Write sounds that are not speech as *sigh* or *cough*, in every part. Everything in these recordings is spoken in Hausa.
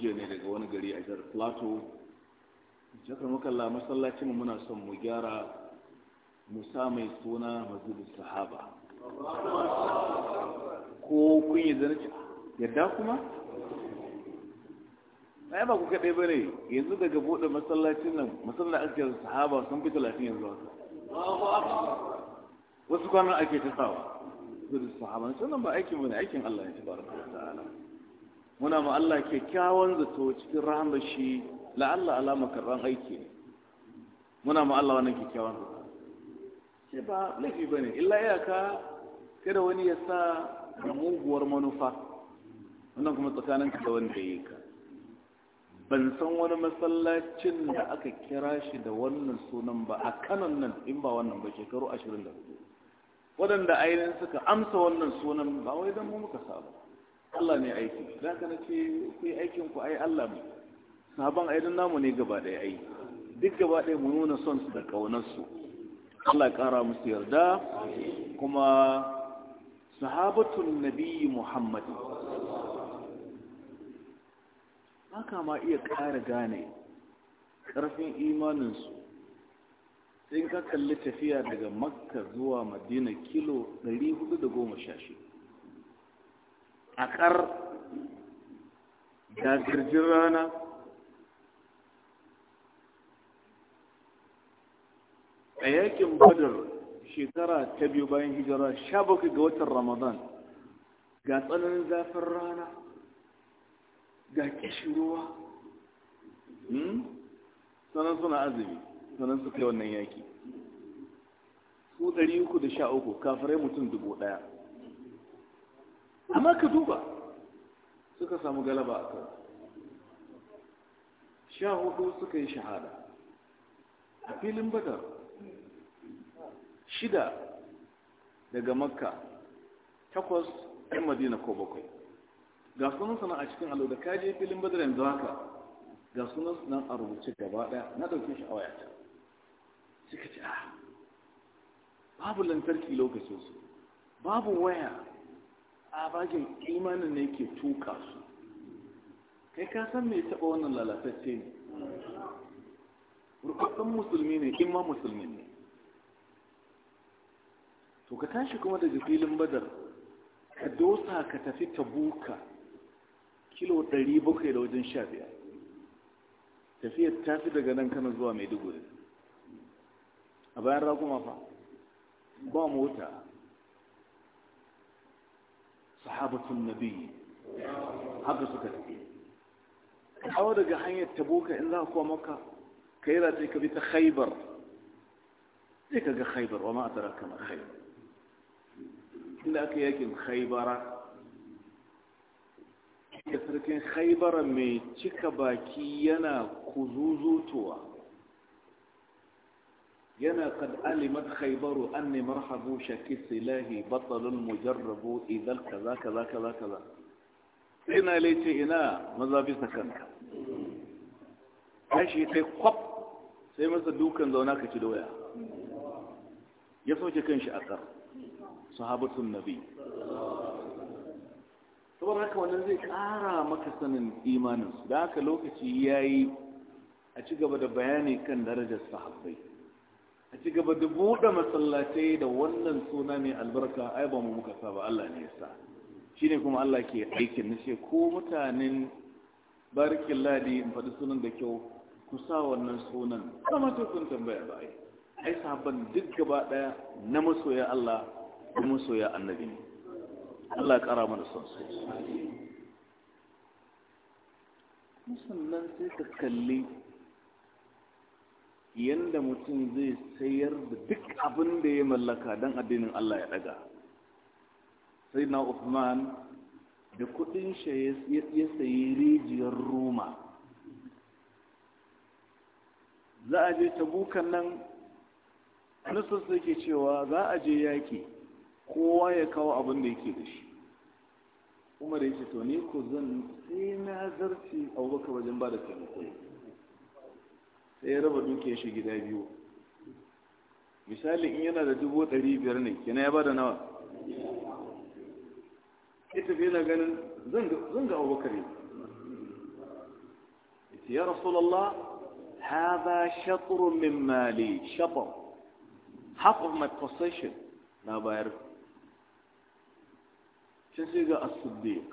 jiya ne daga wani gari a jihar plato jakar makalla masallacin muna son mu gyara musa mai suna masjidin sahaba ko kun yi zarci yadda kuma na yaba ku kaɗai ba ne yanzu daga buɗe masallacin nan masallacin ajiyar sahaba sun fi talatin yanzu haka wasu kwanan ake ta sawa zuwa sahaba sannan ba aikin bane aikin allah ya ci barka ta'ala muna ma Allah kyakkyawan zato cikin rahamar shi Allah alama karban aiki ne muna ma Allah wannan kyakkyawan zato sai ba laifi bane illa iyaka kada wani ya sa da muguwar manufa wannan kuma tsakanin ka da wanda ya ka ban san wani masallacin da aka kira shi da wannan sunan ba a kanan nan in ba wannan ba shekaru ashirin da hudu waɗanda ainihin suka amsa wannan sunan ba wai don mu muka saba Allah ne aiki za ka na ce ku aikin ku ai Allah mu Sabon ai namu ne gaba ɗaya ai duk gaba ɗaya mu nuna son su da ƙaunarsu. su Allah ƙara musu yarda kuma sahabatun Nabiyyu Muhammad haka ma iya ƙara gane ƙarfin su sai ka kalli tafiya daga makka zuwa madina kilo 416 a ƙar da girgin rana a yakin badar shekara ta biyu bayan hijira sha bakwai ga watan ramadan ga tsananin zafin rana ga ruwa hmm? sanan suna azumi sanan su kai wannan yaki 313 kafirai mutum dubu ɗaya. amma ka duba suka samu galaba a kan sha hudu suka yi shahada a filin badar shida daga makka takwas ɗin madina ko bakwai ga sunan sana a cikin alo da kaje filin badar yanzu haka ga sunan nan a rubuce gaba ɗaya na dauke shi a wayata suka ce ah babu lantarki lokacin su babu waya tsabagen imanin ne ke tuka su kai ka san mai taɓa wannan lalatacce ne rukakkan musulmi ne in ma musulmi ne to ka tashi kuma daga filin badar ka dosa ka tafi tabuka kilo 700 da wajen sha biyar tafiyar ta fi daga nan kana zuwa maiduguri a bayan ragu fa ba mota sahabatun nabi haka suka tafi kawo daga hanyar taboka in za a kuwa maka ka yi race ka bi ta haibar, sai ka ga khaibar wa ma'atara kama khaibar inda aka yakin haibara, da sarkin khaibara mai cika baki yana kuzuzutowa yana kad alimat khaybaru anni marhabu shaki silahi batalul mujarrabu idan kaza kaza kaza kaza sai laice ina maza bisa kanka kashi sai kwaf sai masa dukan zauna ka ci doya ya soke kanshi a kar sahabatun nabi saboda haka wannan zai kara maka sanin imaninsu da haka lokaci ya yi a ci gaba da bayani kan darajar sahabbai a ci gaba da buɗe masallatai da wannan suna mai albarka ai ba mu muka sa ba Allah ne ya sa shine kuma Allah ke aikin nace ko mutanen barkin ladi in faɗi sunan da kyau ku sa wannan sunan ba to kun tambaya ba ai ai sahabban duk gaba ɗaya, na masoya Allah da masoya annabi ne Allah kara mana son su sannan sai ka kalli yanda mutum zai sayar da duk abin da ya mallaka don addinin Allah ya daga sai na Uthman da kudin shi ya sayi rijiyar Roma za a je tabukan nan nasus ke cewa za a je yaki kowa ya kawo abin da yake da shi Umar ya ce to ni ko zan sai na zarce abubakar wajen ba da taimako sai raba dukiyar shi gida biyu misali in yana da dubu ɗari biyar ne kina ya bada nawa ya tafi yana ganin zan ga abubakar ya rasulallah هذا شطر min mali شطر half of my possession na bayar shi sai ga as-siddiq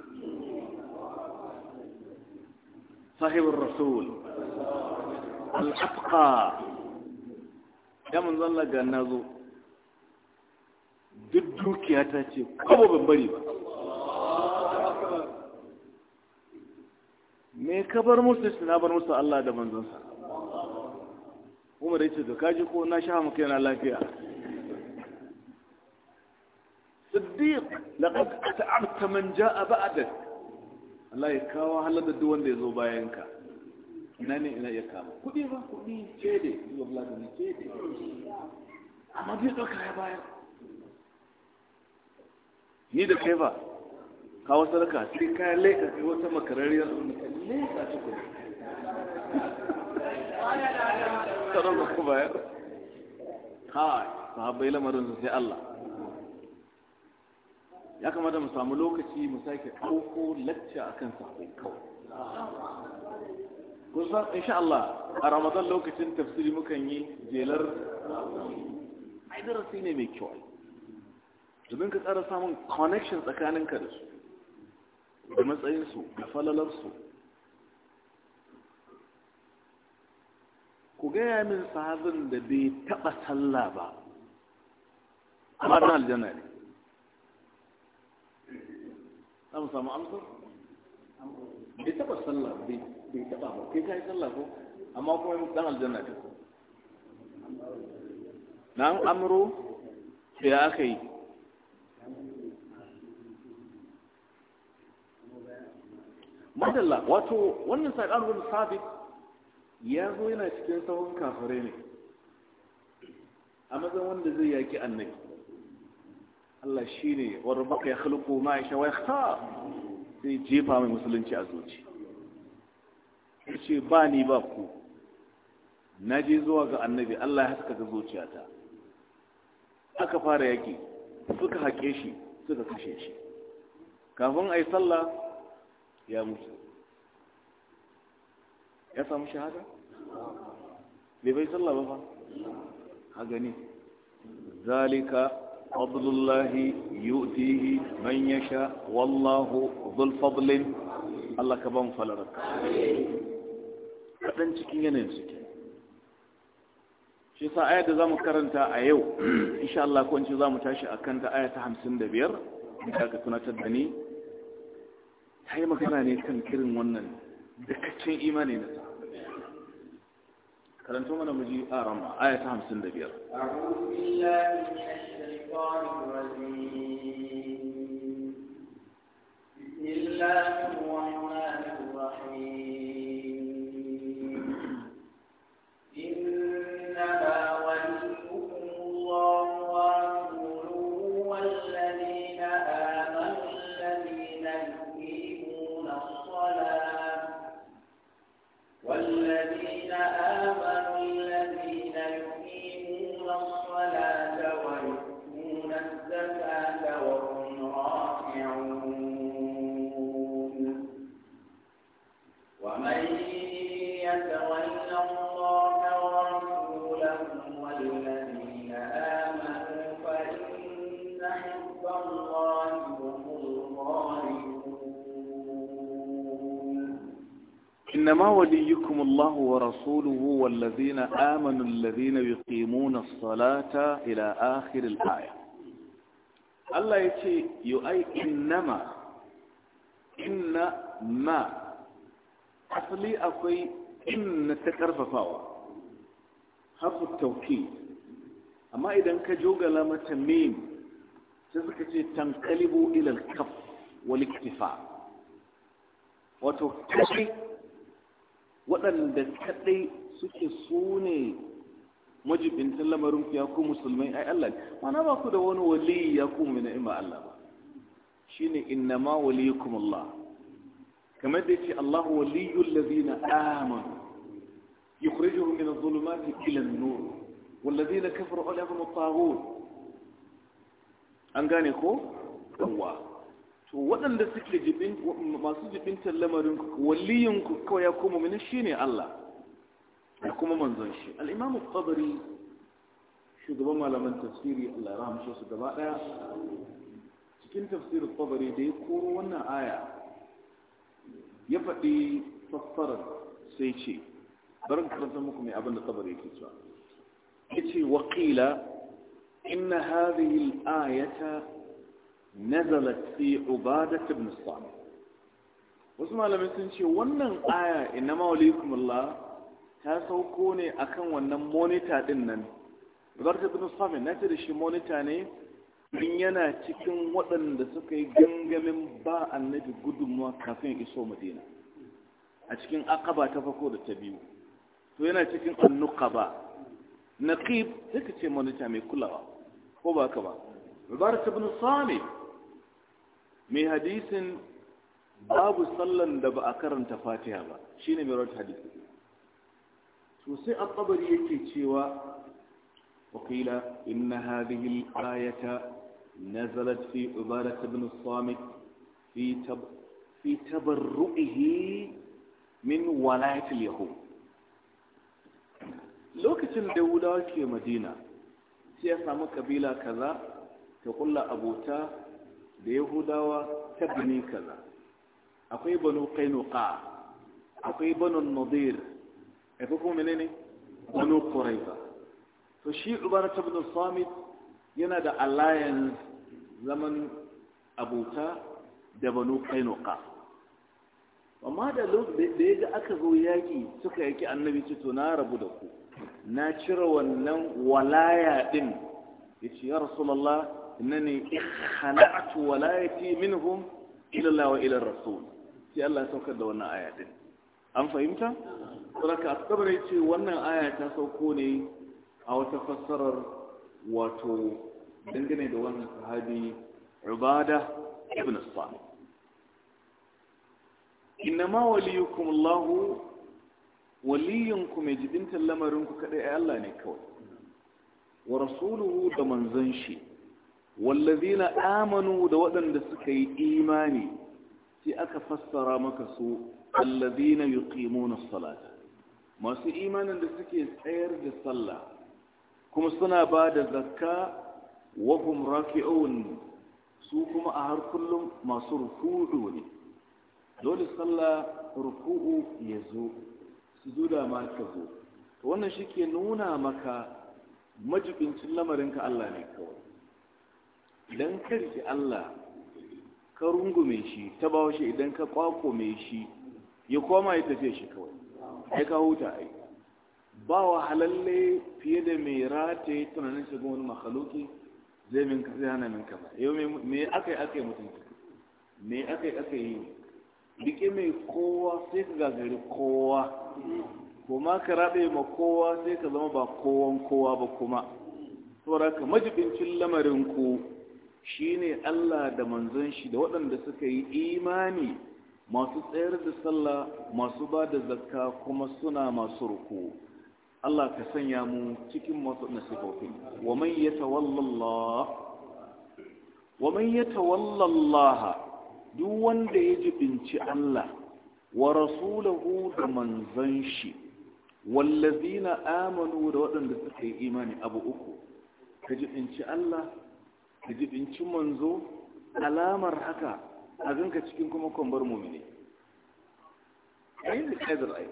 sahibul al'afka ya zalla ga na zo duk dukiya ta ce kawo ban bari ba me ka bar musu su na bar musu Allah da manzansa umar yake to ji ko na sha maka yana lafiya siddiq laqad at'amta man jaa ba'dak Allah ya kawo halar da duk wanda ya zo bayan ka ina ne ina iya kama kuɗi ba kuɗi cede zuwa ce cede amma zai ɗauka ya bayar ni da kai ba kawo sadaka sai ka laika kai wata makarariyar laika ta kuɗi tsaron *laughs* ba ku bayar ha yi lamarin sai Allah ya kamata mu samu lokaci mu sake ɗauko lacca akan sahabbai kawai kusan insha Allah a ramadan lokacin tafsiri mukan yi jelar ai darasi ne mai kyau domin ka tsara samun connection tsakaninka da su da matsayinsu da falalarsu ku gaya min sahabin da bai taɓa sallah ba amma ɗan aljanna ne za mu samu amsar bai taɓa sallah bai bai taba ba kai kai sallah ko amma kuma mu dan aljanna ne na amru ya aka yi madalla wato wannan saƙar wani sabit ya zo yana cikin sahun kafare ne a matsayin wanda zai yaƙi annabi Allah shi ne wadda baka ya khalqu ma ya shawa ya sai jefa mai musulunci a zuci ya ce ba ni ba ku na je zuwa ga annabi Allah ya haskaka zuciyata aka fara yaki suka haƙe shi suka kashe shi kafin a yi sallah ya mutu ya samu shahada? bai bai sallah ba ba a gani zalika abdullahi yu'tihi man yasha wallahu dhul fadlin Allah ka ban falarka kaɗan cikin yanayin suke shi sa ayat da za mu karanta a yau *clears throat* insha Allah ko za mu tashi a kan ta ayat ta hamsin da biyar da aka tunatar da ni ta yi magana ne kan kirin wannan dakaccen imani na sa karanta mana muji a rama ayat ta hamsin da biyar بسم الله هو الذين آمنوا الذين يقيمون الصلاة إلى آخر الآية الله يتي يؤي إنما إنما أصلي أقي إن تكرف فاوة حرف التوكيد أما إذا كجوغ لما تميم تذكر تنقلب إلى الكف والاكتفاء وتكتفي waɗanda kaɗai suke su ne majibintan lamarin ku ya ku musulmai ai Allah mana ba ku da wani wali ya ku mu ni'ima Allah ba shine innama waliyukum Allah kamar da ce Allah waliyul ladina amanu yukhrijuhum min adh-dhulumati ila an-nur wal ladina kafaru alaihim at an gane ko waɗanda suke masu jibintar lamarin waliyin ku kawai ya koma mini ne Allah ya kuma manzon shi al-Imam shugaban malaman tafsiri Allah ya rahmace su gaba cikin tafsir al da ya koro wannan aya ya faɗi fassarar sai ce barin karanta muku mai abin da Tabari yake cewa yace waqila inna hadhihi al-ayata nazalat fi ubadat ibn sami wasu malamai sun ce wannan aya inna mawalikum Allah ta sauko ne akan wannan monita din nan ubadat ibn sami na ce da shi monita ne in yana cikin waɗanda suka yi gangamin ba annabi gudunmuwa kafin iso madina a cikin akaba ta farko da ta biyu to yana cikin annuqaba naqib take ce monita mai kulawa ko ba ka ba mubarak ibn samit mai hadisin babu sallan da ba a karanta fatiha ba shine mai rawar hadisi to sai al yake cewa وقيل إن هذه الآية نزلت في عبادة بن الصامت في تب في تبرئه من ولاية اليهود lokacin da wudawa ke madina sai ya samu kabila kaza ta kulla abota da yahudawa ta bani kaza akwai banu qainuqa akwai banu nadir akwai kuma menene banu quraiza to shi ubarat ibn samit yana da alliance zaman abuta da banu qainuqa amma da da ga aka zo yaki suka yaki annabi ce to na rabu da ku na cire wannan walaya din yace ya rasulullah إنني خلعت ولايتي منهم إلى wa ila rasul. sai Allah ya saukar da wannan aya din an fahimta saboda asabare ce wannan aya ta sauko ne a wata fassarar wato dangane da wannan sahabi Ubada ibn Sa'id innama waliyukum Allah waliyunkum jidin lamarin ku kadai ai Allah ne kawai wa rasuluhu da manzon shi wallazina amanu da waɗanda suka yi imani sai aka fassara maka su allazina yuqimuna salata masu imanin da suke tsayar da sallah kuma suna ba da zakka wa hum rafi'un su kuma a har kullum masu ruku'u ne dole sallah ruku'u ya zo sujuda ma ka zo to wannan shike nuna maka majibincin lamarinka Allah ne kawai idan ka riƙi Allah ka rungume shi ta bawa shi idan ka kwakome shi ya koma ya tafiya shi kawai ai ka huta ai ba wa halalle fiye da mai rata ya tunanin shi wani makhaluki zai min zai hana min kama yau me aka yi aka yi mutum me aka yi aka yi rike mai kowa sai ka gagari kowa kuma ka raɗe ma kowa sai ka zama ba kowan kowa ba kuma saboda ka majibincin lamarin ku shine Allah da manzon shi da waɗanda suka yi imani masu tsayar da sallah masu ba da zakka kuma suna masu ruku Allah ka sanya mu cikin masu nasihofi wa wa man yatawalla duk wanda ya jibinci Allah wa rasulahu da manzon shi wallazina amanu da waɗanda suka yi imani abu uku ka jibinci Allah da jibincin manzo alamar haka a cikin kuma kwambar mumini ayin da kaidar Don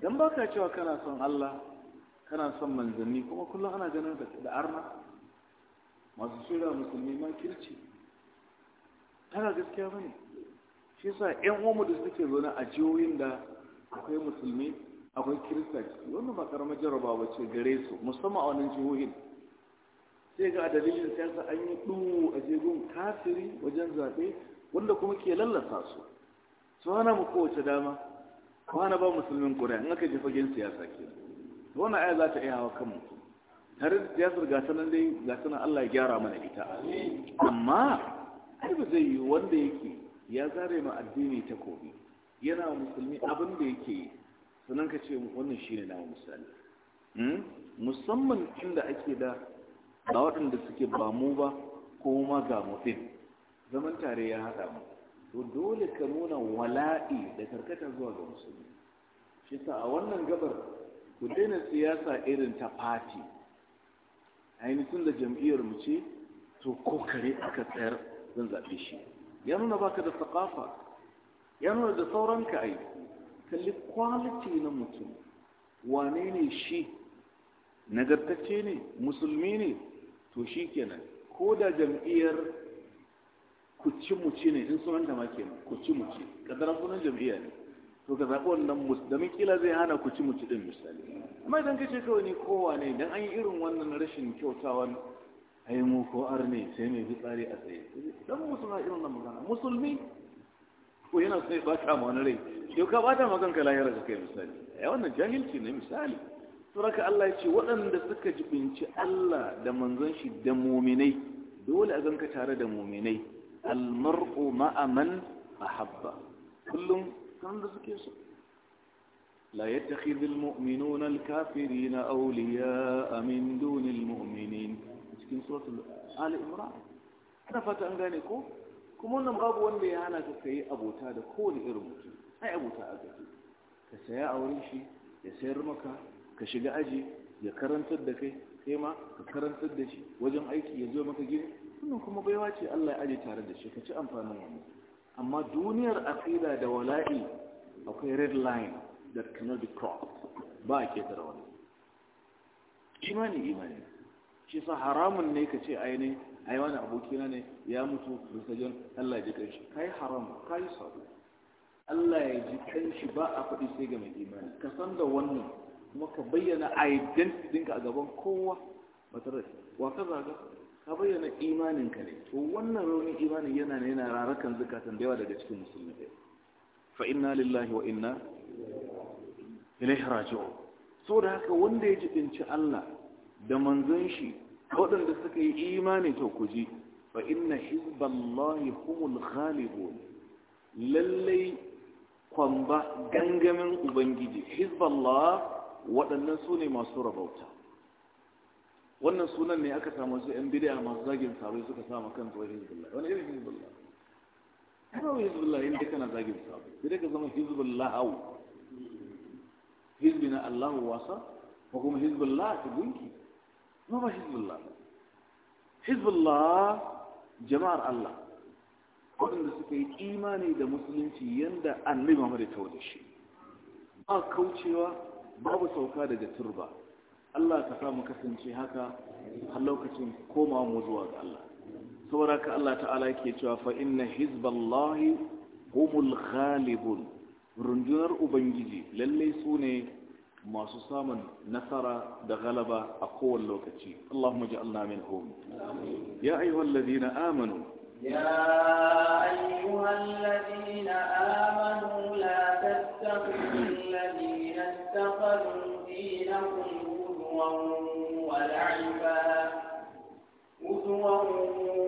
dan baka cewa kana son Allah kana son manzanni kuma kullum ana ganin da arna masu shirya musulmi ma kirci tana gaskiya bane shi sa ƴan uwanmu da suke zaune a jihohin da akwai musulmi akwai kirista wannan ba karamar jarabawa ce gare su musamman a wannan jihohin sai ga dalilin siyasa an yi ɗuwu a jegun kafiri wajen zaɓe wanda kuma ke lallasa su su hana mu kowace dama ko hana ba musulmin ƙuri'a in aka je fagen siyasa ke wannan aya za ta iya hawa kan mutum tare da siyasar gasa nan dai gasa nan Allah ya gyara mana ita amma har ba zai yi wanda yake ya zare ma addini ta kobi yana musulmi abin da yake yi sannan ka ce wannan shine namu misali hmm? musamman inda ake da ba waɗanda suke ba mu ba ko ma ga mutum zaman tare ya haɗa mu to dole ka nuna wala'i da karkata zuwa ga musulmi shi sa a wannan gabar ku daina siyasa irin ta fati ainihin da jam'iyyar mu ce to ko kare aka tsayar zan zaɓe shi ya nuna baka da tsakafa ya nuna da sauran ka ai kalli kwaliti na mutum wane ne shi nagartacce ne musulmi ne to shi kenan ko da jam'iyyar kuci muci ne in sunan da ci. kuci muci kadaran sunan jam'iyya ne to ka zaɓi wannan musulmi kila zai hana kuci muci din misali amma idan ka ce kawai ni kowa ne idan an yi irin wannan rashin kyautawan ai mu ko arne sai mai fitsari a tsaye dan musulma irin nan magana musulmi ko yana sai ba ta ma wani rai yau ka ba ta maganka lahira ka kai misali ai wannan jahilci ne misali raka Allah ya ce waɗanda suka jibinci Allah da manzon shi da muminai dole a ganka tare da muminai almar'u ma'aman a habba. kullum kan da suke so لا يتخذ المؤمنون الكافرين أولياء من دون المؤمنين cikin suratul ali imran ana fata an gane ko kuma wannan babu wanda ya hana ka kai abota da kowane irin mutum sai abota a gaji ka saya a wurin shi ya sayar maka ka shiga aji ya karantar da kai kai ma ka karantar da shi wajen aiki ya zo maka gini sunan kuma baiwa ce Allah ya aje tare da shi ka ci amfanin wani. amma duniyar aqida da wala'i akwai red line that cannot be crossed ba ke da wani imani imani shi sa haramun ne ka ce aini ai wani abokina ne ya mutu rusajen Allah ya ji shi kai haram kai sabu Allah ya ji shi ba a faɗi sai ga mai imani ka san da wannan kuma ka bayyana identity dinka a gaban kowa ba tare da wa ka ka bayyana imaninka ne to wannan raunin imanin yana ne yana rarakan zakatan da yawa daga cikin musulmi fa inna lillahi wa inna ilaihi raji'un so da haka wanda ya jibinci Allah da manzon shi waɗanda suka yi imani to ku ji fa inna hizballahi humul ghalibun lallai kwamba gangamin ubangiji hizballah waɗannan su ne masu rabauta wannan sunan ne aka samu su yan bidiya masu zagin sabai suka samu kan tsohon hizbullah wani irin hizbullah kuma hizbullah inda kana zagin sabai sai ka zama hizbullah hau hizbi na allahu wasa ko kuma hizbullah ta gunki Kuma ba hizbullah hizbullah jama'ar allah waɗanda suka yi imani da musulunci yanda annabi muhammad ya tawo da shi ba kaucewa babu sauka daga turba Allah ka samu kasance haka har lokacin koma mu zuwa ga Allah saboda ka Allah ta'ala ke cewa fa inna hizballahi humul ghalibun rundunar ubangiji lalle su ne masu samun nasara da galaba a kowane lokaci Allahumma ja'alna minhum ya ayyuhal ladina amanu ya ayyuhal ladina amanu la tattaqillahi اتخذوا دينهم هزوا ولعبا هزوا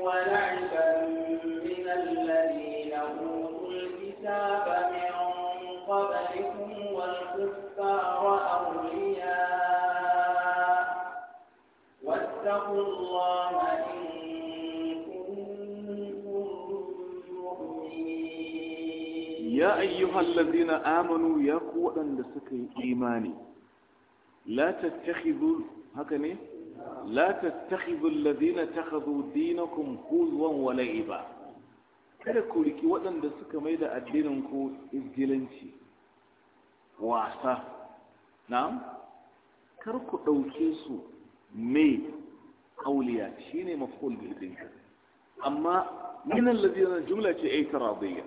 ولعبا من الذين أوتوا الكتاب من قبلكم والكفار أولياء واتقوا الله ya ayyuhal Ladina amanu ya ku waɗanda suka yi imani la tattakhidhu haka ne la tattakhidhu alladhina takhadhu dinakum huzwan wa la'iba kada ku riki waɗanda suka mai da addinin ku izgilanci wasa na'am kar ku ɗauke su mai auliya shine maf'ul bil amma min alladhina jumla ce ay taradiyya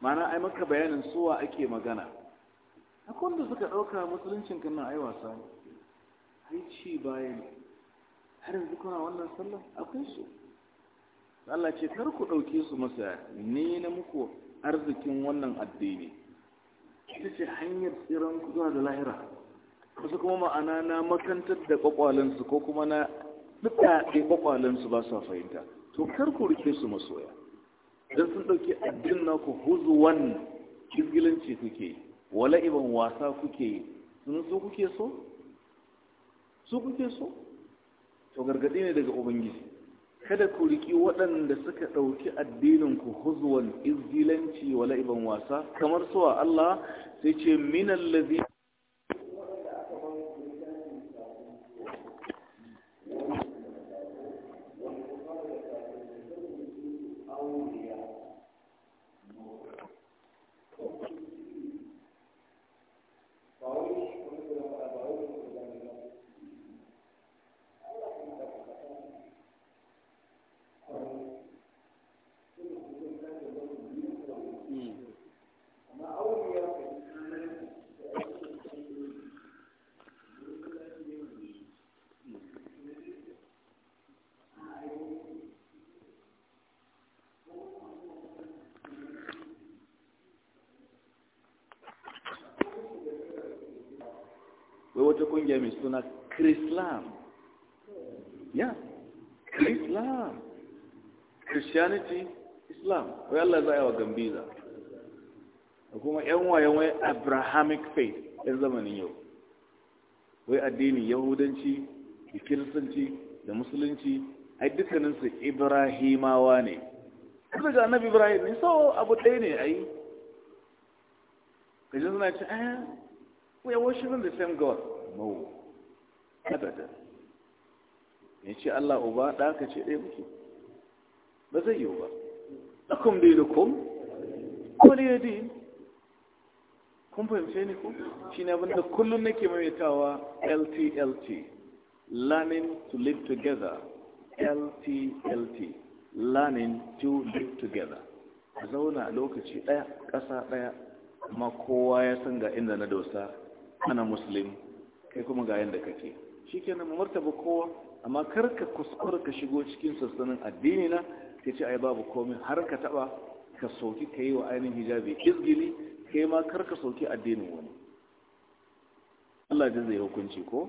mana ai maka bayanin suwa ake magana akwai wanda suka ɗauka musuluncin kan ai wasa ai ci baya ne har yanzu kuna wannan sallah akwai su Allah ce kar ku ɗauke su masa ne na muku arzikin wannan addini ita ce hanyar tsiran ku zuwa da lahira wasu kuma ma'ana na makantar da kwakwalensu ko kuma na duka ɗaya kwakwalensu ba sa fahimta to kar ku rike su masoya don sun ɗauki addinin naku huzuwan izgilanci kuke wala iban wasa kuke sun so kuke so su kuke so to gargaɗe ne daga ubangiji kada ku riki waɗanda suka ɗauki addinin ku huzuwan izgilanci wala iban wasa kamar suwa Allah sai ce minan ladhi Christianity Islam wai Allah zai wa gambiza da kuma yan wayan wai Abrahamic faith yan zamanin yau wai addinin Yahudanci da Kiristanci da Musulunci ai dukkaninsu Ibrahimawa ne kuma ga annabi Ibrahim ne so abu ɗaya ne ai kaji suna ce eh we are worshiping the same God no abada ya ce Allah uba da ka ce ɗaya muke ba zai yiwu ba lakum dinukum waliya din kun fahimce ni ku shi ne abinda kullum nake maimaitawa LTLT learning to live together LTLT learning to live together a zauna lokaci ɗaya ƙasa ɗaya amma kowa ya san ga inda na dosa ana muslim kai kuma ga yadda kake shi kenan martaba kowa amma karka kuskura ka shigo cikin sassanin addini na sai ce ai babu komai har ka taba ka sauki ka yi wa ainihin hijabi izgili kai ma kar ka sauki addinin wani Allah da zai hukunci ko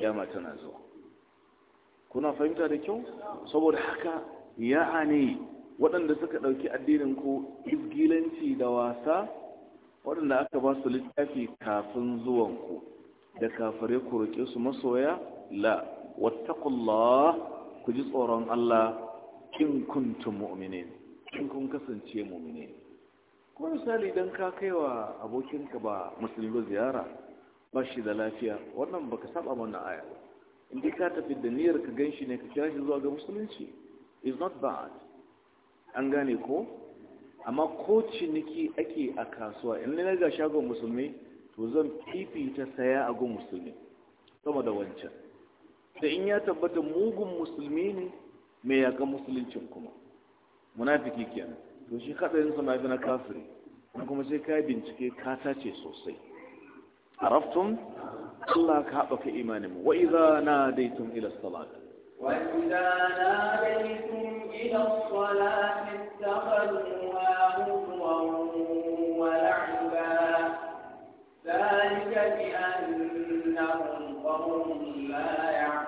Yama tana zuwa kuna fahimta da kyau saboda haka ya ne waɗanda suka ɗauki addinin ku izgilanci da wasa waɗanda aka ba su littafi kafin zuwan ku da kafare ku roƙe su masoya la wattaqullah ku ji tsoron Allah in kuntum mu'minin in kun kasance mu'minin ko misali dan ka kaiwa abokinka ba musulmi ziyara ba shi da lafiya wannan baka saba wannan aya in dai ka tafi da niyyar ka ganshi ne ka kira shi zuwa ga musulunci is not bad an gane ko amma ko ciniki ake a kasuwa in na ga shagon musulmi to zan fifita saya a go musulmi sama da wancan da in ya tabbata mugun musulmi ne Me ya ga musuluncin kuma munafiki kenan to shi katsayin sa mafi na kafiri kuma sai ka bincike ka tace sosai araftun Allah ka haɓaka imanin mu wa idza nadaytum ila salat wa idza nadaytum ila salat ittakhadhuha huzwan wa la'iba dhalika bi annahum qawmun la ya'lamun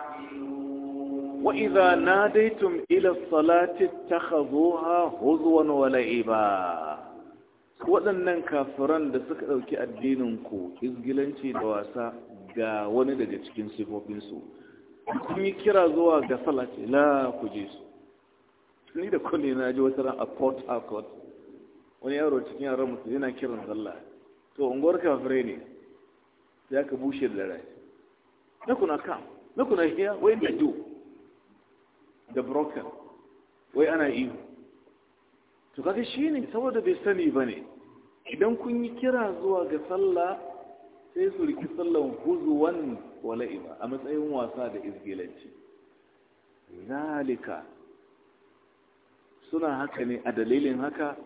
وإذا ناديتم إلى الصلاة اتخذوها هزوا ولعبا waɗannan kafiran da suka ɗauki addininku izgilanci da wasa ga wani daga cikin sifofinsu sun yi kira zuwa ga salati la ku je su ni da kunne na ji wata ran a port harcourt wani yaro cikin yaran mutum yana kiran sallah to unguwar kafirai ne ya ka bushe da rai na kuna kam na kuna hiya wai da do da broken wai ana ihu to kaga ne saboda bai sani ba ne, idan kun yi kira zuwa ga sallah sai su riki sallan huzuwan wala'iba a matsayin wasa da izgilanci zalika suna haka ne a dalilin haka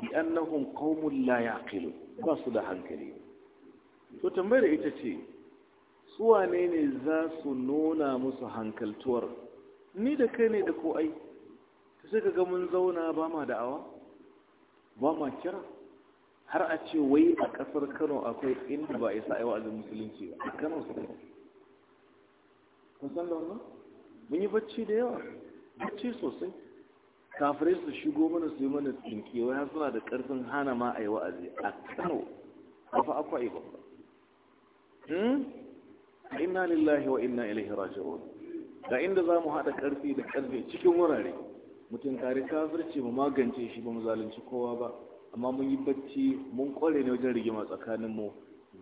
bi annahum qaumun la yaqilu ba su da hankali to tambayar ita ce su wane ne za su nuna musu hankaltuwar ni da kai ne da ko ai ta sai ga mun zauna ba ma da'awa ba ma kira har a ce wai a kasar kano akwai inda ba a isa aiwa azin musulunci ba a kano su kun san da wannan mun yi bacci da yawa bacci sosai kafirai su shigo mana su yi mana tsinke wai har suna da karfin hana ma a yi a kano ba fa akwai ba hmm? inna lillahi wa inna ilaihi raji'un da inda za mu haɗa ƙarfi da ƙarfe cikin wurare mutum kare kafirci mu magance shi ba mu zalunci kowa ba amma mun yi bacci mun ƙware ne wajen rigima tsakanin mu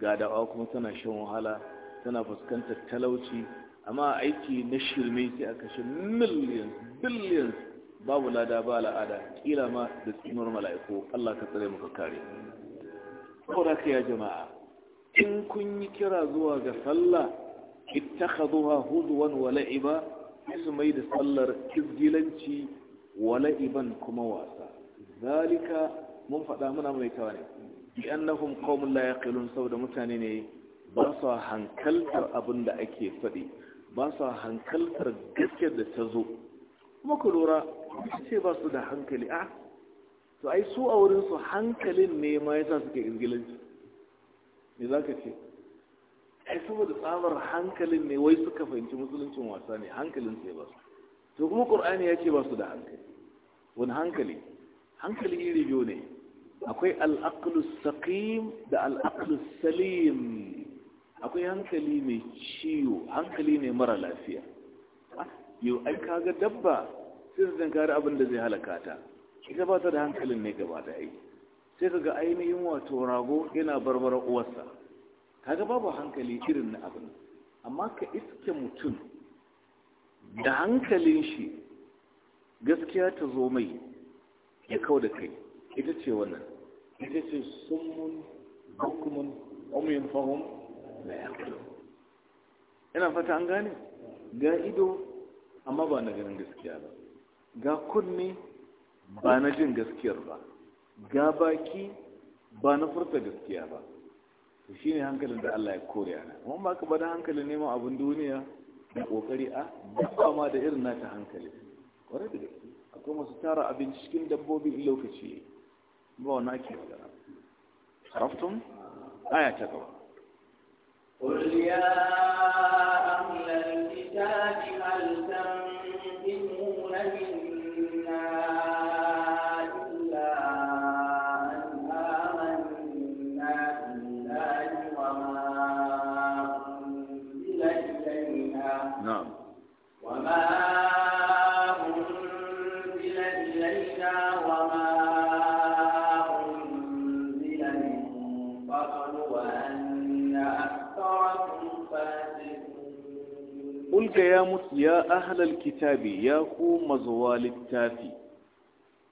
ga da'awa kuma tana shan wahala tana fuskantar talauci amma aiki na shirme sai a kashe millions billions babu lada ba la'ada kila ma da tsinuwar mala'iku Allah ka tsare muka kare saboda ka ya jama'a in kun yi kira zuwa ga sallah ittakhadhuha hudwan wa la'iba su mai da sallar kizgilanci wa la'iban kuma wasa zalika mun faɗa muna mai tawa ne bi annahum qaumun la yaqilun saboda mutane ne ba sa hankaltar abin da ake faɗi ba sa hankaltar gaskiyar da ta zo kuma ku lura ce ba su da hankali a to ai su a wurin su hankalin ne ma yasa suke izgilanci me za ka ce ai saboda tsabar hankalin ne wai suka fahimci musuluncin wasa ne hankalin sai ba to kuma qur'ani ya ce ba su da hankali wani hankali hankali iri biyu ne akwai al-aqlu saqim da al-aqlu salim akwai hankali mai ciwo hankali ne mara lafiya ah, yau ai kaga dabba sai su tankari abin da zai halaka ta ita ba ta da hankalin ne gaba da ai sai kaga ainihin wato rago yana barbara uwarsa kaga babu hankali irin na abin amma ka iske mutum da hankalin shi gaskiya ta zo mai ya kau da kai ita ce wannan ita ce summun hukumun umuyin fahim na ya ina fata an gane ga ido amma ba na ganin gaskiya ba ga kunne ba na jin gaskiyar ba ga baki ba na furta gaskiya ba to shi ne hankalin da Allah ya kore ana wani ba ka bada hankalin neman abin duniya da ƙoƙari a dabba ma da irin nata hankali ƙwarai da gaske akwai masu tara abinci cikin dabbobi in lokaci ba wani ake magana عرفتم Aya ta قل ya mutu ya ahlal kitabi ya ku mazuwa littafi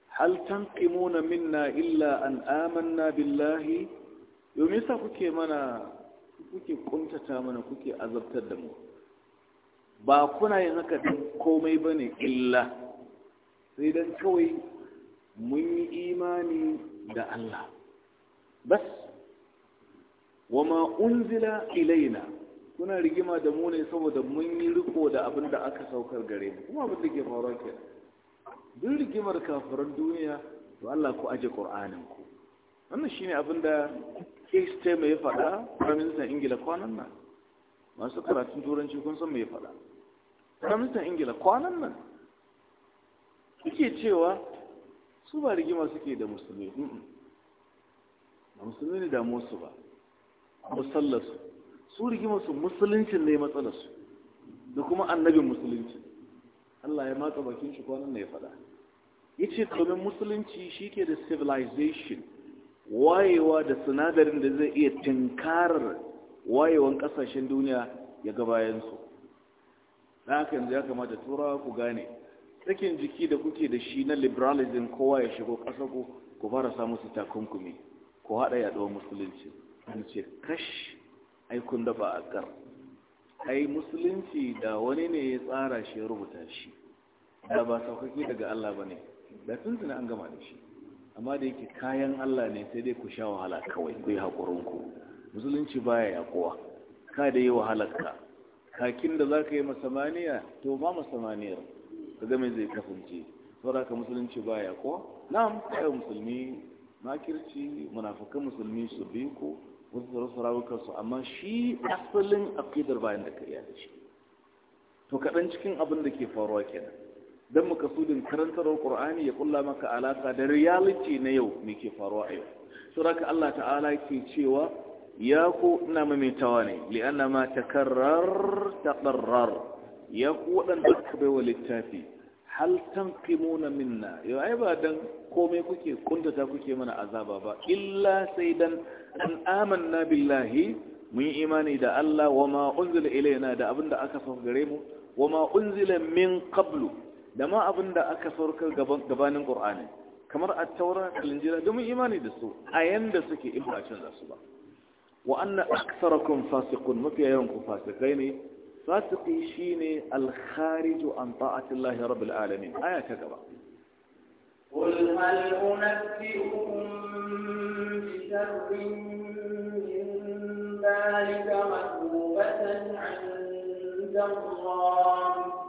hal tanqimuna minna illa an amanna billahi domin sa kuke mana kuke kuntata mana kuke azabtar da mu ba kuna yin haka din komai bane illa sai dan kawai mun yi imani da Allah bas wama unzila ilaina kuna rigima da mu ne saboda mun yi riko da abin da aka saukar gare mu kuma abin da ke faruwa ke duk rigimar kafirar duniya to Allah ku aje Qur'anin ku wannan shine abin da Keith mai ya faɗa Firaministan Ingila kwanan nan masu karatun turanci kun san mai ya faɗa Firaministan Ingila kwanan nan suke cewa su ba rigima suke da musulmi ba musulmi ne da musu ba musallasu su rigimarsu musuluncin ne matsalarsu da kuma annabin musulunci Allah ya matsa bakin shi kwanan ne ya faɗa ce domin musulunci shi ke da civilization wayewa da sinadarin da zai iya tinkarar wayewan ƙasashen duniya ya ga bayansu da haka yanzu ya kamata turawa ku gane sakin jiki da kuke da shi na liberalism kowa ya shigo ƙasa ku ku fara samu su takunkumi ku haɗa yaɗuwar musulunci an ce kash kun dafa a kar ai musulunci da wani ne ya tsara shi ya rubuta shi da ba saukaki daga Allah ba ne da tuntuna an gama da shi amma da yake kayan Allah ne sai dai ku sha wahala kawai ku yi haƙurinku musulunci baya yaƙuwa ka da yi wahalarka kakin da za ka yi masamaniya to ba masamaniyar ka game zai kasance da ka musulunci baya yaƙuwa na'am kayan musulmi makirci munafukan musulmi su biyu ko wasu su kansu amma shi asalin aƙidar bayan da ka iya da shi to kaɗan cikin abin da ke faruwa kenan don muka makasudin karantarwar ƙur'ani ya ƙulla maka alaƙa da reality na yau me ke faruwa a yau raka Allah ta'ala ke cewa ya ku ina mamitawa ne li'anna ma takarrar taqarrar ya ku waɗanda aka wa littafi hal kimuna minna yau ai ba dan komai kuke kuntata kuke mana azaba ba illa sai dan an amanna billahi mun yi imani da Allah wa ma unzila ilaina da abinda aka fa gare mu wa ma unzila min qablu da ma abinda aka saukar gabanin Qur'ani kamar at-taura kalinjira da mun imani da su a yanda suke in ba cin su ba wa anna aktharakum fasiqun mafi yawan ku fasikai ne فاتقي شيني الخارج عن طاعة الله رب العالمين آية كذبة قل هل أنبئكم بشر من ذلك مكروبة عند الله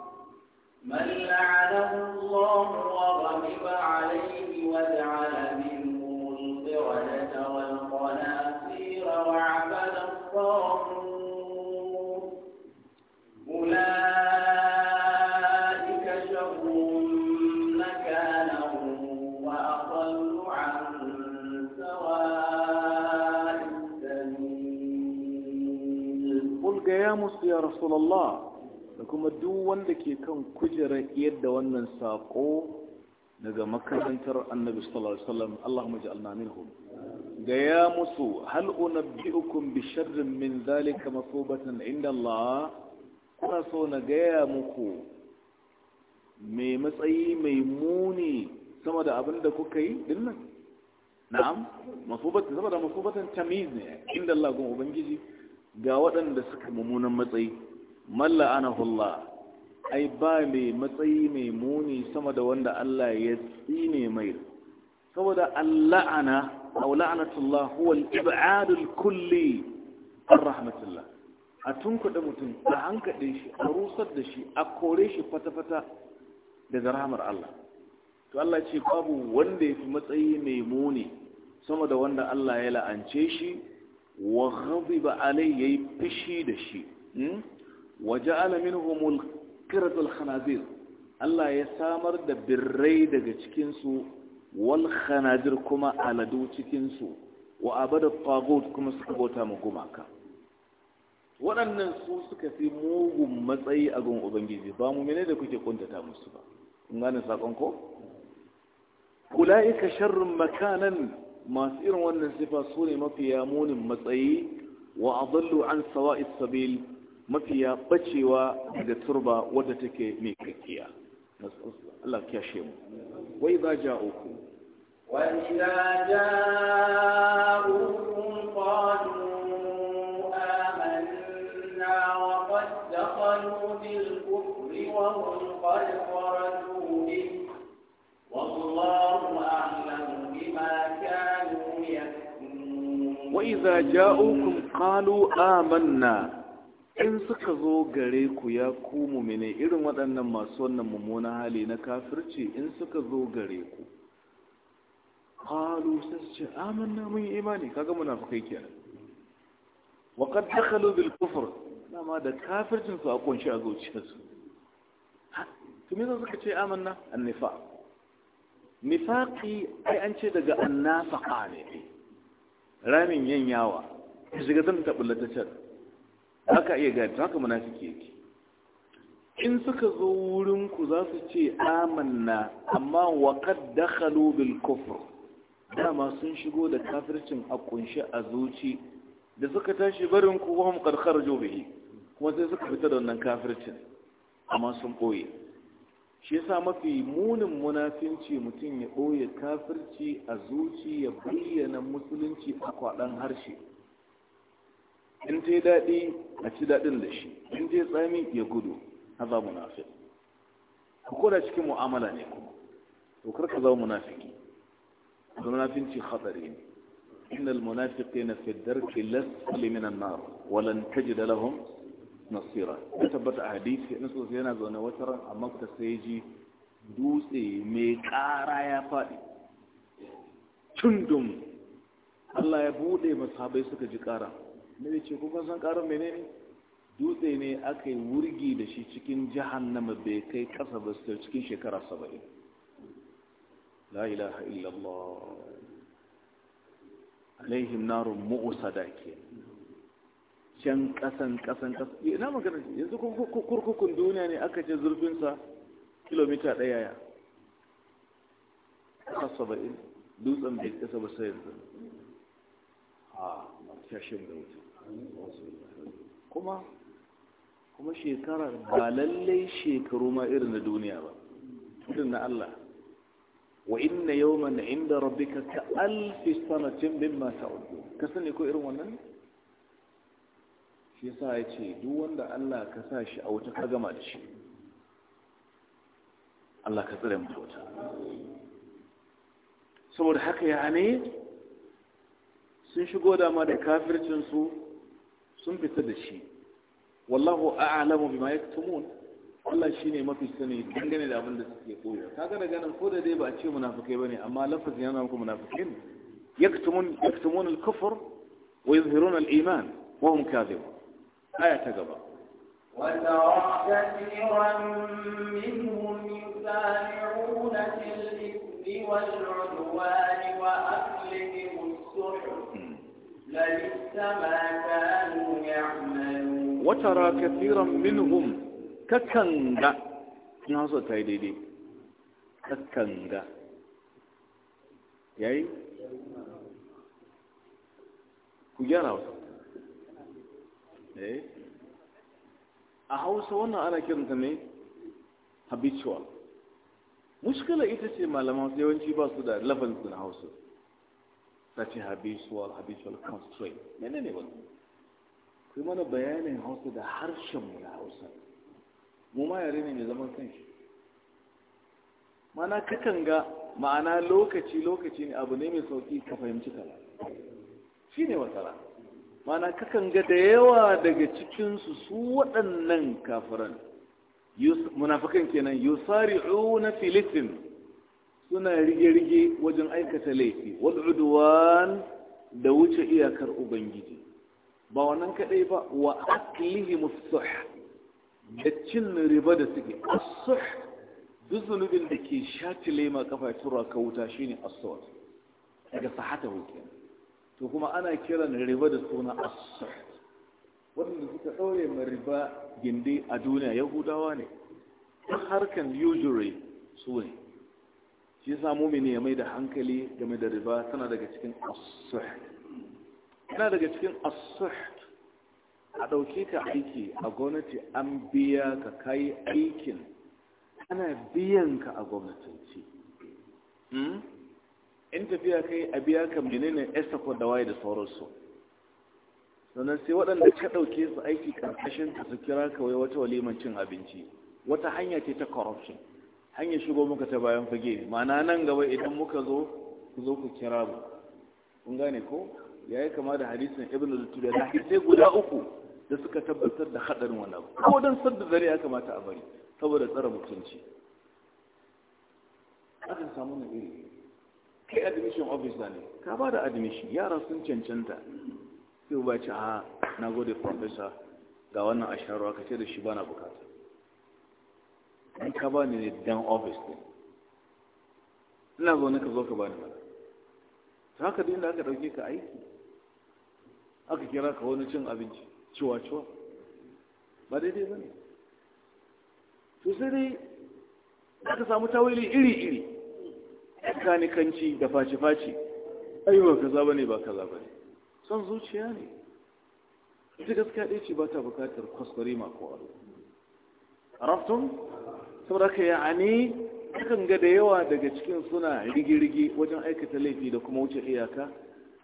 rasulallah da kuma duk wanda ke kan kujerar yadda wannan saƙo daga makarantar annabi sallallahu Allahumma minhum ga ya musu hal unabbiukum bi sharrin min zalika masubatan inda Allah kuna so na gaya muku mai matsayi mai muni sama da abin da kuka yi dinnan na'am masubatan saboda masubatan tamiz ne inda Allah gun ubangiji ga waɗanda suka mummunan matsayi malla anahullah ai ba mai matsayi mai muni sama da wanda Allah ya tsine mai saboda alla'ana aw la'anatullah huwa al-ib'ad al-kulli ar rahmatullah a tunkuɗe mutum a hankaɗe shi a rusar da shi a kore shi fata-fata daga rahamar Allah to Allah ce babu wanda ya fi matsayi mai muni sama da wanda Allah ya la'ance shi wa ghadiba alai yayi fishi da shi hmm? alamin منهم القرة الخنازير Allah ya samar da birrai daga cikinsu wal khanazir kuma aladu cikinsu wa abada fagot kuma suka bauta mu gumaka waɗannan su suka fi mugun matsayi a gun ubangiji ba mu mene da kuke kuntata musu ba in gane sakon ko ulaika sharrun makanan masu irin wannan sifa su ne mafi yamunin matsayi wa adallu an sawa'is sabil mafiya bacewa daga turba wadda take mai kakkiya Allah ya she mu wai za ja uku idza ja'ukum qalu amanna wa amanna in suka zo gare ku ya ku mumine irin waɗannan masu wannan mummunan hali na kafirci in suka zo gare ku halu sai su ce amanna mun yi imani kaga kai kenan waƙar qad dakhalu bil kufr dama da kafircin su a kunshi a zuciyarsu su mizan suka ce an annifa nifaƙi ai an ce daga annafaqa ne ramin yanyawa shiga zan taɓa latacar haka iya gani haka munafiki yake in suka zo wurin ku za su ce amanna amma wa qad dakhalu bil kufr dama sun shigo da kafircin a kunshi a zuci da suka tashi barin ku wahum mu kharjo bihi kuma sai suka fita da wannan kafircin amma sun koyi shi yasa mafi munin munafinci mutum ya boye kafirci a zuci ya bayyana musulunci a kwaɗan harshe in ta yi daɗi a ci daɗin da shi in ta tsami ya gudu ha za mu nafi cikin mu'amala ne kuma to karka za mu nafi ki don nafin ci hatsari ne na fi darki lasali min annar nasira Ya tabbata hadisi in so yana zaune wata ran amma ta sai ji dutse mai ƙara ya fadi tundum Allah ya bude masabai suka ji ƙara. nabi ce kun san karar menene dutse ne aka yi wurgi da shi cikin jahannama bai kai kasa ba sai cikin shekara saba'in la ilaha illallah alaihim narun mu'usada ke can kasan kasan kasan ina magana yanzu kurkukun duniya ne aka ce zurfinsa kilomita ɗaya ya kasa saba'in dutsen bai kasa ba sai yanzu a ah, tashin da wuta kuma kuma shekarar ba lallai shekaru ma irin na duniya ba irin na Allah wa inna yawman inda rabbika ka alfi sanatin mimma ta'uddu ka sani ko irin wannan shi yasa ya ce duk wanda Allah ka sa shi a wuta ka gama da shi Allah ka tsare mu wuta saboda haka ya ne sun shigo ma da kafircinsu sun fita da shi wallahu a'lamu bima yaktumun Allah shine mafi sani dangane da abin da suke koyo kaga da ganin ko da dai ba a ce munafikai bane amma lafazin yana muku munafikai ne yaktumun yaktumun al-kufr wa yuzhiruna al-iman wa hum kadhibun aya ta gaba وترى كثيرا منهم يسارعون في الإثم والعدوان وأكلهم السحر Wata watara kafiran minhum kakanga in hausa ta yi daidai kakanga yayi ku gyara wasu eh? a hausa wannan ana kiranta ne habitual mushkila ita ce malaman yawanci ba su da lafansu na hausa sace habisuwar habisuwar constraint mene ne wani ku mana bayanin hausa da harshen mu na hausa mu ma yare ne mai zaman kanshi mana kakan ga ma'ana lokaci lokaci ne abu ne mai sauki ka fahimci kala shi ne wasara mana kakan ga da yawa daga cikinsu su waɗannan kafiran munafikan kenan yusari'u na filistin suna rige-rige wajen aikata laifi wal'uduwan da wuce iyakar ubangiji ba wannan kadai ba wa aklihi musuh da cin riba da suke asuh duk zunubin da ke shati laima kafa tura ka wuta shine asuh daga sahata hukin to kuma ana kiran riba da suna asuh wanda suka ɗaure ma riba gindi a duniya yahudawa ne harkan usury su ne shi yasa mumini ya mai da hankali game da riba tana daga cikin as tana daga cikin as a dauke ka aiki a gwamnati an biya ka kai aikin ana biyan ka a gwamnatanci hmm? in tafiya kai a biya ka menene estafon da waye da sauransu sannan sai waɗanda ka ɗauke su aiki ƙarƙashin ka su kira kawai wata walimancin cin abinci wata hanya ce ta corruption hanyar shigo muka ta bayan fage ma'ana nan gaba idan muka zo ku zo ku kira mu kun gane ko ya yi kama da hadisin ibn al-turiya da hadisai guda uku da suka tabbatar da hadarin wannan ko dan sadda zare ya kamata a bari saboda tsara mutunci aka samu na iri kai admission officer ne ka ba da admission yara sun cancanta sai ba ci ha na gode professor ga wannan asharuwa ka ce da shi bana bukata in ka bani ne dan ofis ne ina zaune ka zo ka bani ba. ta haka da inda aka dauke ka aiki aka kira ka wani cin abinci ciwa-ciwa ba daidai ba ne to sai dai ka samu tawili iri-iri kanci da faci faci ai ba kaza ba ne ba kaza ba ne son zuciya ne ita gaskiya ɗaya ce ba ta bukatar kwaskwari mako aro عرفتم ثم ذلك يعني كان قد يوى دقشكين صنع رقي رقي وجن أي كتلي في لكم وجه إياك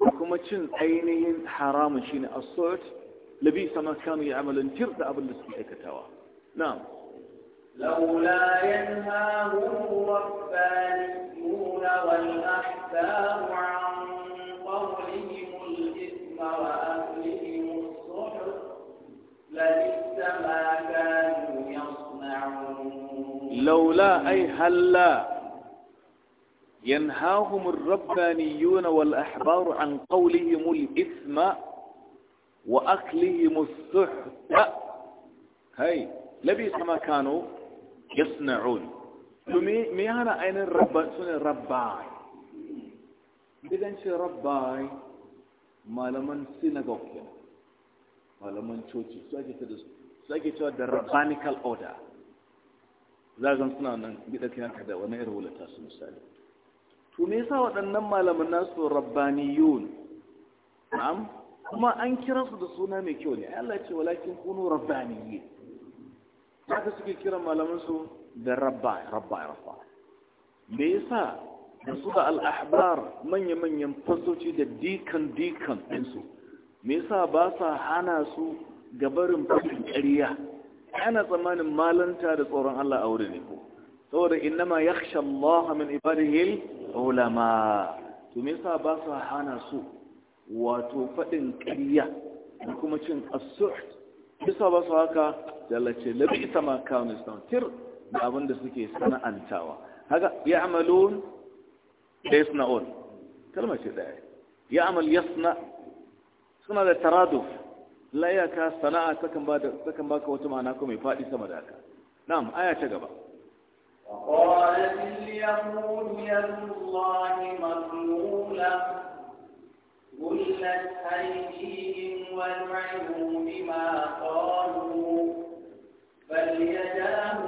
لكم تشن أينين حرام شين الصوت لبيس ما كانوا يعملون جرد أبو اللسل أي كتوا نعم لولا ينهاهم الربانيون والأحباب عن قولهم الإثم وأهلهم الصحر لبيس ما كان لولا أي هلا ينهاهم الربانيون والأحبار عن قولهم الإثم وأكلهم السحت هاي لبيس ما كانوا يصنعون ميانا أين الرب سنة الرباي إذن شي رباي ما لمن سيناغوكيا ما لمن تشوتي سأجي تدس سأجي تدس the rabbinical order za suna nan gida kina ka da wani irin wulata su misali to me yasa waɗannan malaman nasu rabbaniyun na'am kuma an kira su da suna mai kyau ne Allah ce walakin kunu rabbaniyyin haka suke kiran malaman su da rabba rabba rabba me yasa da su da al-ahbar manya-manyan fasoci da dikan dikan ɗinsu me yasa ba sa hana su gabarin fadin ƙarya ana tsammanin malanta da tsoron Allah a wurin ne ko saboda innama yakhsha Allah min ibadihi ulama to me yasa ba su hana su wato fadin ƙarya kuma cin as-suht bisa ba su haka dalace labi sama kawunin tir da abinda suke sana'antawa haka ya amalon da ya kalmar ce daya ya amal ya suna da taraduf layaka sana'a takan ba da takan baka wata ma'ana ko mai fadi sama da haka na'am aya ta gaba وقالت اليهود يد الله مغلولة غلت أيديهم ولعنوا بما قالوا بل يداه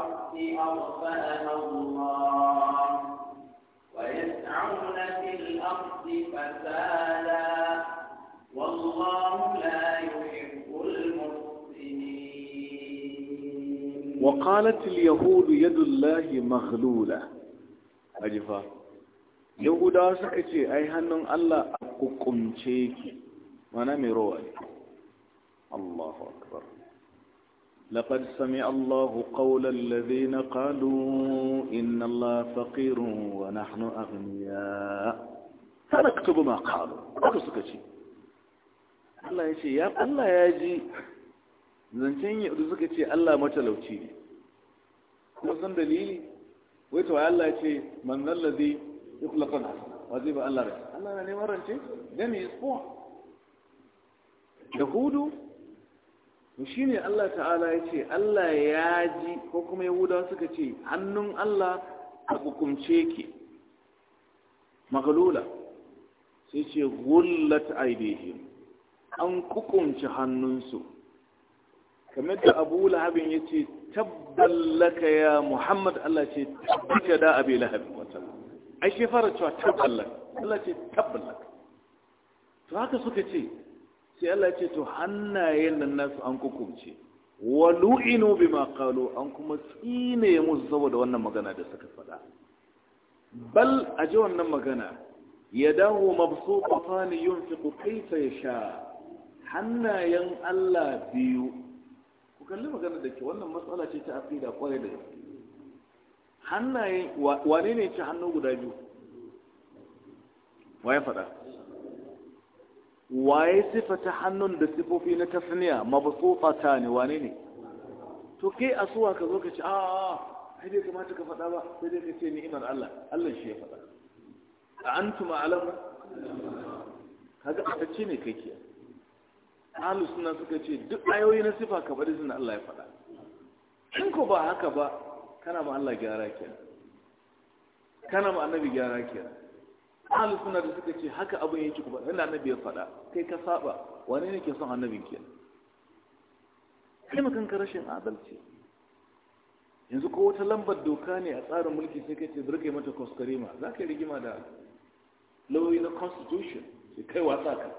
الأرض الله ويسعون في الأرض فسادا والله لا يحب المحسنين وقالت اليهود يد الله مغلولة أجفا يهود suka ce, "Ai, hannun Allah a kukumce ki, mana mai rowa ne, Allahu Akbar. لقد سمع الله قول الذين قالوا إن الله فقير ونحن أغنياء فنكتب ما قالوا أقصك شيء الله يجي الله يجي زنتيني أقصك شيء الله ما تلو شيء وزن دليلي ويتوى الله يجي من الذي يخلق الناس وزيب الله رأي الله يعني مرة شيء دمي يسبوع يهودو to shine Allah ta'ala ya ce Allah ya ji ko kuma yahuda suka ce hannun Allah a hukumce ki maghlula sai ce gullat aidihim an kukumci hannunsu kamar da abu lahabin ya ce tabballaka ya muhammad Allah ce tabbata da abu lahabin wata ai shi fara cewa tabbalaka Allah ce tabbalaka to haka suka ce sai Allah ce to hannayen nan nasu an kukumce wa lu'inu bima qalu an kuma tsine mu saboda wannan magana da suka faɗa bal a ji wannan magana yadahu mabsuqatan yunfiqu kayfa yasha hannayen Allah biyu ku kalli magana da ke wannan matsala ce ta aqida kwarai da gaske hannayen wane ne ce hannu guda biyu wa ya faɗa waye sifata hannun da sifofi na tasniya ta ne wane ne to ke asuwa ka zo ka ce a'a sai dai kamata ka faɗa ba sai dai ka ce ni'imar Allah Allah shi ya faɗa a antum a'lamu kaga a tacce ne kai kiya ahlu sunna suka ce duk ayoyi na sifa ka bari sunna Allah ya faɗa in ko ba haka ba kana ma Allah gyara kenan kana ma annabi gyara kenan ahli suna da suka ce haka abin yake kuma yana annabi ya faɗa kai ka saba wane ne ke son annabin ke kai makan ka rashin adalci yanzu ko wata lambar doka ne a tsarin mulki sai kai ce zurkai mata kuskurema za ka yi rigima da lauyoyi na constitution sai kai wasa ka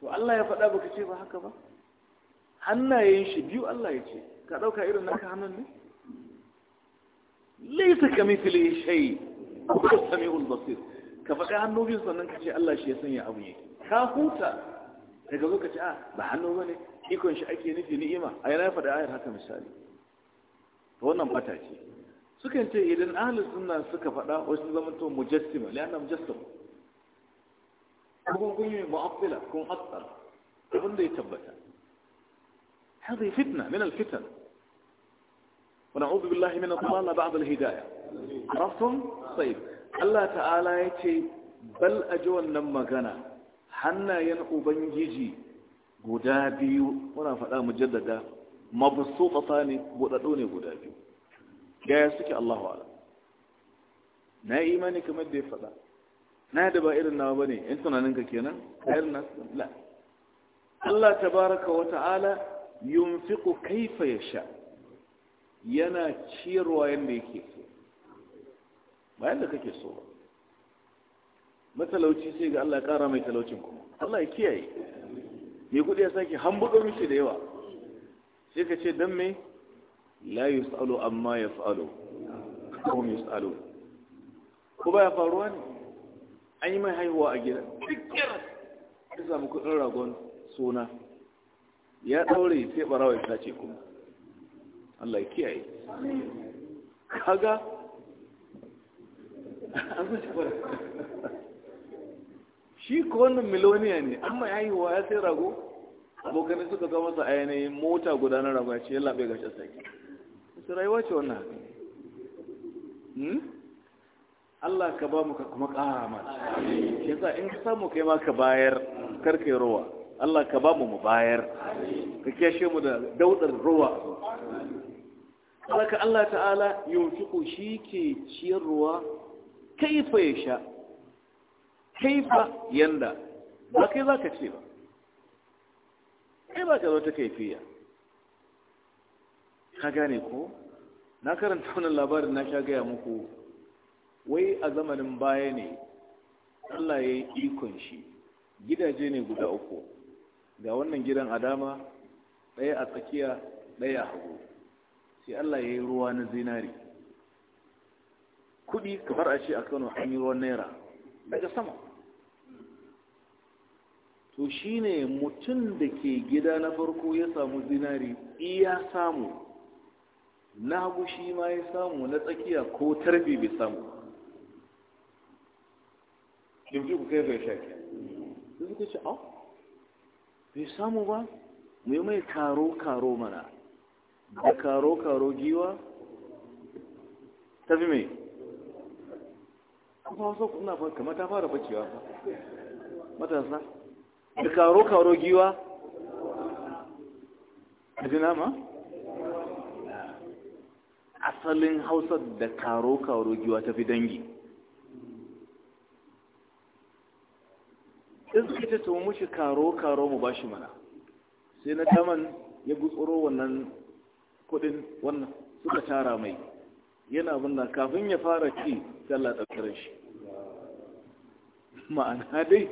to Allah ya faɗa baka ce ba haka ba hannayen shi biyu Allah ya ce ka ɗauka irin naka hannun ne laisa kamithlihi shay huwa samiul basir ka faɗi hannu biyu sannan ka ce Allah shi ya sanya abu yake ka huta daga lokaci ka a ah, ba hannu ba ne ikon shi ake nufi ni'ima a yana faɗi ayar haka misali to wannan bata ce sukan ce idan ahlus sunna suka faɗa wasu zama to mujassima li anna mujassam kun kun yi mu'attila kun hatta abin da ya tabbata hadi fitna min al-fitan ونعوذ بالله من الضلال al الهدايه عرفتم طيب Allah ta'ala ya ce bal a ji wannan magana hannayen ubangiji guda biyu muna faɗa mu jaddada mabusu ƙasa ne buɗaɗo ne guda biyu gaya suke Allahu ala na yi imani kamar da ya faɗa na da ba irin nawa ba ne in tunaninka kenan irin na la Allah tabaraka wa ta'ala yunfiqu kaifa yasha yana ciyarwa yanda yake ba yadda kake so matalauci sai ga Allah ya kara mai talaucin kuma Allah ya kiyaye mai kudi ya sake hambudo mishi da yawa sai ka ce dan me la yusalu amma yafalu mai yusalu ko ba ya faruwa ne an yi mai haihuwa a gida ya samu kudin ragon suna ya daure sai barawa ya sace kuma Allah ya kiyaye kaga an *laughs* shi ko wannan miloniya ne amma ya yi wa ya sai rago abokanai suka kawo masa yanayin mota guda na rago ya ce yalla bai gashi sake su rayuwa ce wannan haka hmm? Allah ka ba mu ka kuma ƙara shi yasa in ka samu kai ma ka bayar kar yi rowa Allah ka ba mu mu bayar ka kyashe mu da daudar rowa ka Allah ta'ala yau shi ke ciyarwa kaifa ya sha kaifa yanda ba kai za ka ce ba kai ba ka zo ta kaifiya ka gane ko na karanta *laughs* wannan labarin na sha gaya muku wai a zamanin baya ne allah ya yi ikon shi gidaje ne guda uku ga wannan gidan adama ɗaya a tsakiya ɗaya a hagu sai allah ya yi ruwa na zinari kudi kamar a ce a kano hanyar ruwan naira daga sama to shi ne mutum da ke gida na farko ya samu zinari iya samu na hagu shi ma ya samu na tsakiya ko tarbi bai samu kimfi ku kai bai shaki sai suka ce au bai samu ba mai mai karo-karo mana da karo-karo giwa tafi mai kuma wasu kuna fa kamar ta fara bacewa ba, matasa da karo karo giwa a asalin hausa da karo karo giwa ta fi dangi in su ke tumu shi karo karo mu ba shi mana sai na taman ya gutsuro wannan kudin wannan suka tara mai yana bunna kafin ya fara ci sai Allah ya shi ma'ana dai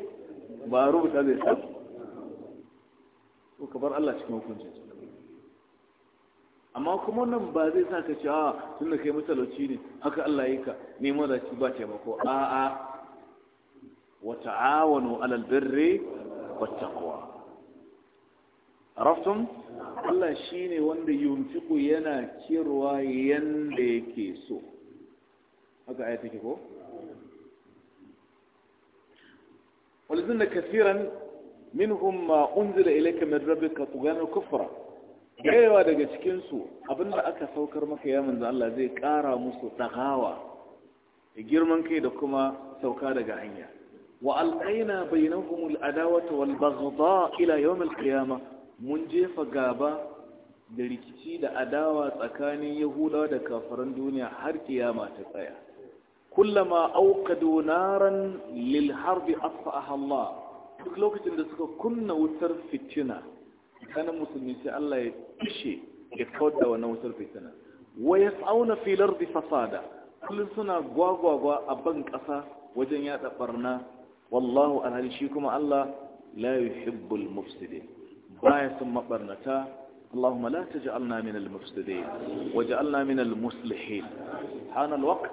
ba a rubuta zai samu ko ka bar Allah cikin hukunci. amma kuma nan ba zai sa ka cewa ah, tun da kai matsaloci ne haka Allah yi ka neman da ci ba taimako a a wa ta'awanu alal birri wa taqwa araftum Allah shine wanda yunfiku yana kirwa yanda yake so haka aya take ko ولذن كثيرا منهم ما أنزل إليك من ربك طغيانا kufra daga cikinsu abinda aka saukar maka ya manzo Allah zai kara musu ɗagawa da girman kai da kuma sauka daga hanya wa alƙaina bainahum al'adawata wal baghdha ila yawm al mun jefa gaba da rikici da adawa tsakanin yahudawa da kafaran duniya har kiyama ta tsaya kullama auqadu naran lil harbi asfa'aha Allah duk lokacin da suka kunna wutar fitina kana musulmi sai Allah ya kishe ya kawar da wannan wutar fitina wa yas'auna fil ardi fasada kullun suna gwagwagwa a ban kasa wajen yada barna wallahu alhali shi kuma Allah la yuhibbul mufsidin baya sun mabarnata اللهم لا تجعلنا من المفسدين وجعلنا من المصلحين حان الوقت